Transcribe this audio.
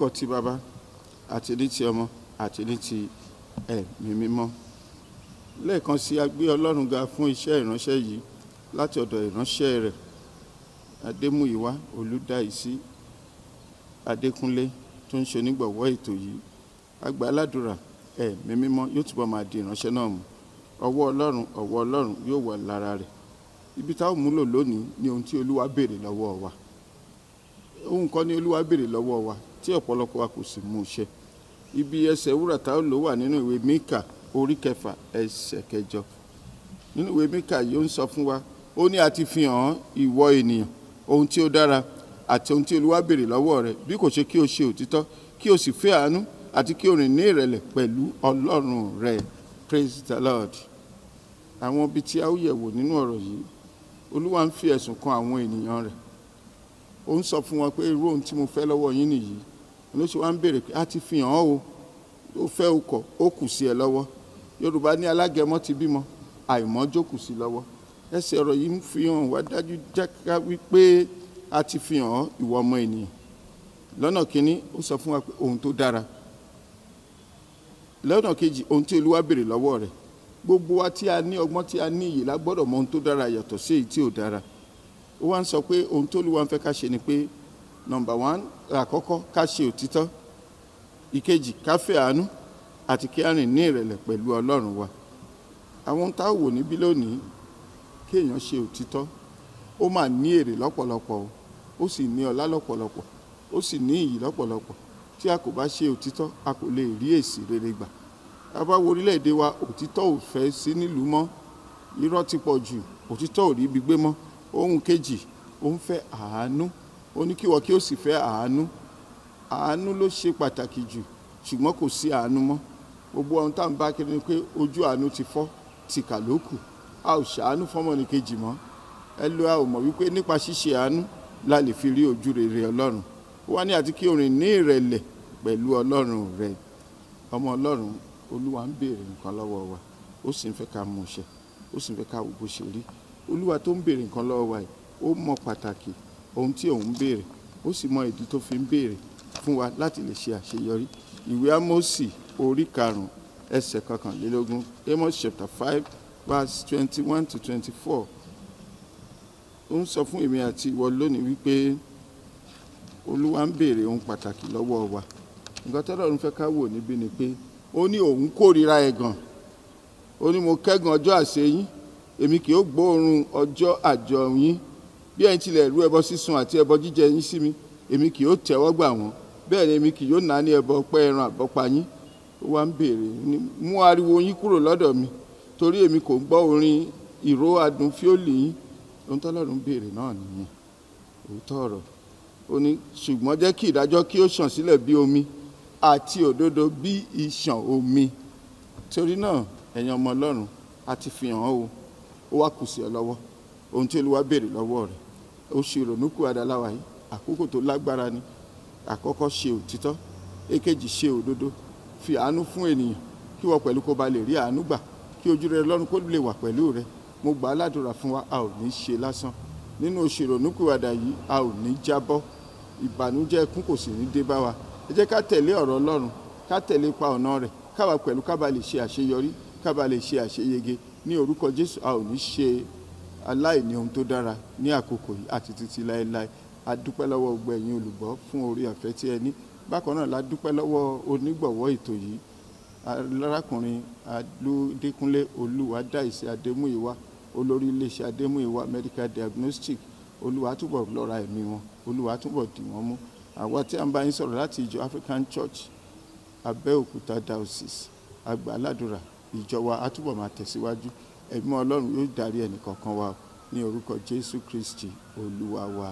lórúkọ ti bàbá àti ní ti ọmọ àti ní ti ẹ̀mí mímọ́ lẹ́ẹ̀kan sí a gbé ọlọ́run ga fún iṣẹ́ ìránṣẹ́ yìí láti ọ̀dọ̀ ìránṣẹ́ rẹ̀ adémúyíwá olùdáìsí adékúnlé tó ń ṣe onígbọ̀wọ́ ètò yìí àgbà aládùúrà ẹ̀mí mímọ́ yóò túbọ̀ máa di ìránṣẹ́ náà mú ọwọ́ ọlọ́run ọwọ́ ọlọ́run yóò wà lára rẹ̀ ibi táwọn múlò lónìí ni ohun tí olúwa béèrè lọ́wọ́ wa ohun kan ni olúwa béèrè lọ́wọ́ wa tí ọ̀pọ̀lọpọ̀ wa kò sì mú ṣẹ ibi ẹsẹ̀ wúrà tá ó lò wà nínú ìwé Míkà orí kẹfà ẹsẹ̀ kẹjọ nínú ìwé Míkà yóò ń sọ fún wa ó ní àti fi hàn ìwọ ènìyàn ohun tí ó dára àti ohun tí Olúwa béèrè lọ́wọ́ rẹ bí kò ṣe kí o ṣe òtítọ́ kí o sì fẹ́ àánú àti kí o rìn ní ìrẹ̀lẹ̀ pẹ̀lú Ọlọ́run rẹ praise the Lord àwọn ibi tí a ó yẹ̀wò nínú ọ̀rọ̀ yìí Olúwa ń fi ẹ̀sùn kan àwọn ènìyàn rẹ̀ ó ń sọ fún wọn pé irú ohun tí mo fẹ́ lọ́wọ́ yín nìyí ló ṣe wá ń béèrè pé a ti fi hàn án o ó fẹ́ o kọ̀ ó kù sí ẹ lọ́wọ́ yorùbá ní alágẹmọ ti bímọ àìmọ́ jókù sí lọ́wọ́ ẹsẹ̀ ọ̀rọ̀ yìí ń fi hàn wá dájú jáká wípé a ti fi hàn án ìwọ ọmọ ènìyàn lọ́nà kínní ó sọ fún wa pé ohun tó dára lọ́nà kejì ohun tí olúwa béèrè lọ́wọ́ rẹ̀ gbogbo wa tí a ní ọgbọ́n tí a ní iyì la gbọ́dọ̀ mọ ohun tó dára yàtọ̀ sí èyí tí ò dára ó wá ń sọ pé ohun tó olúwa ń fẹ́ ká ṣe ni pé nọmba one àkọ́kọ́ ká ṣe òtítọ́ ìkejì ká fẹ́ àánú àti kí á rìn ní ìrẹ̀lẹ̀ pẹ̀lú ọlọ́run wa àwọn tá a wò níbí lónìí kéèyàn ṣe òtítọ́ ó máa ní èrè lọ́pọ̀lọpọ̀ o ó sì ní ọlá lọ́pọ̀lọpọ̀ ó sì ní iyì lọ́pọ̀lọpọ̀ tí a kò bá ṣe òtítọ́ a kò lè rí èsì rere gbà a orílẹ̀-èdè wa òtítọ́ ò fẹ́ sí nílùú mọ́ irọ́ ti pọ̀ jù òtítọ́ ò rí ibi gbé mọ́ ohun kejì ó ń fẹ́ àánú ó ní kíwọ kí ó sì fẹ́ àánú àánú ló ṣe pàtàkì jù ṣùgbọ́n kò sí àánú mọ́ gbogbo ohun tá à ń bá kiri ni pé ojú àánú ti fọ́ tìkà ló kù a ò ṣàánú fọ́mọnìkejì mọ́ ẹ lo a ò mọ̀ wípé nípa ṣíṣe àánú la lè fi rí ojú rere ọlọ́run ó wá ní àti kí o rìn ní ìrẹ̀lẹ̀ pẹ̀lú ọlọ́run rẹ ọmọ ọlọ́run olúwa ń béèrè nǹkan lọ́wọ́ wa ó sì ń fẹ́ ká mú ó sì ń fẹ́ ká wò bó ṣe rí olúwa tó ń béèrè nǹkan lọ́wọ́ wa yìí ó mọ pàtàkì ohun tí òun béèrè ó sì mọ ìdí tó fi ń béèrè fún wa láti lè ṣe àṣeyọrí ìwé amósì orí karùn ẹsẹ̀ kọkànlélógún amos chapter five verse twenty one to twenty four ó ń sọ fún èmi àti ìwọ lónìí wípé olúwa ń béèrè ohun pàtàkì lọ́wọ́ wa nǹkan tọ́lọ́run fẹ́ ká wò níbí ni pé ó ní òun kórìíra ẹ̀gàn ó ní mo kẹ́gàn ọjọ́ àṣeyín èmi kì í gbóòórùn ọjọ́ àjọ bí ẹ̀yin tilẹ̀ rú ẹbọ sísun àti ẹbọ jíjẹ yín sí mi èmi kì yóò tẹ́wọ́ gbà wọ́n bẹ́ẹ̀ ni èmi kì yóò nà ní ẹbọ ọpẹ́ ẹran àbọ́pa yín ó wá ń béèrè ni mú ariwo yín kúrò lọ́dọ̀ mi torí èmi kò gbọ́ orin ìró adùn fíólì yín ohun tọ́lọ́run béèrè náà nìyẹn òótọ́ ọ̀rọ̀ ó ní ṣùgbọ́n jẹ́ kí ìdájọ́ kí ó ṣàn sílẹ̀ bí omi àti òdodo bí ìṣàn omi torí náà ẹ̀yin ọmọ ọlọ́run a ti o ó wá kù sí ẹ lọ́wọ́ ohun tí olúwa béèrè lọ́wọ́ rẹ̀ oṣù ìrònúkù adáláwa yìí àkókò tó lágbára ni àkọ́kọ́ ṣe òtítọ́ èkejì ṣe òdodo fi àánú fún ènìyàn kí wọ́n pẹ̀lú kó ba lè rí àánú gbà kí ojú rẹ lọ́run kó lè wà pẹ̀lú rẹ mo gbà á ládùúrà fún wa a ò ní ṣe lásán nínú oṣù ìrònúkúwàdà yìí a ò ní jábọ́ ìbànújẹ́ ẹkún kò sì ní dé bá wa ẹ jẹ́ ká tẹ̀lé ọ̀rọ̀ ọlọ́run ká tẹ̀lé ipa ọ̀nà rẹ̀ káwa pẹ̀lú ká ba lè ṣe àṣeyọrí ká ba lè ṣe àṣeyege ní orúkọ jésù a ò ní ṣe aláìní ohun tó dára ní àkókò yìí àti títí láéláé a dúpẹ́ lọ́wọ́ gbogbo ẹ̀yin olùgbọ́ fún orí ọ̀fẹ́ tí ẹ ní bákan náà la dúpẹ́ lọ́wọ́ onígbọ̀wọ́ ètò yìí arákùnrin Adékúnlé Olúwadáìsí Adémúyìwá olórí iléeṣẹ́ Adémúyìwá medical diagnostic Olúwa túbọ̀ lọ́ra ẹ̀mí wọn Olúwa túbọ̀ dì wọ́n mú àwa tí a ń bá yín sọ̀rọ̀ láti ìjọ African Church Abẹ́òkúta diocese àgbàládùra ìjọ wa á túbọ̀ máa tẹ̀síwájú ẹ̀mí ọlọ́run yóò darí ẹnì kọ̀ọ̀kan wa ní orúkọ jésù kristi olúwa wa.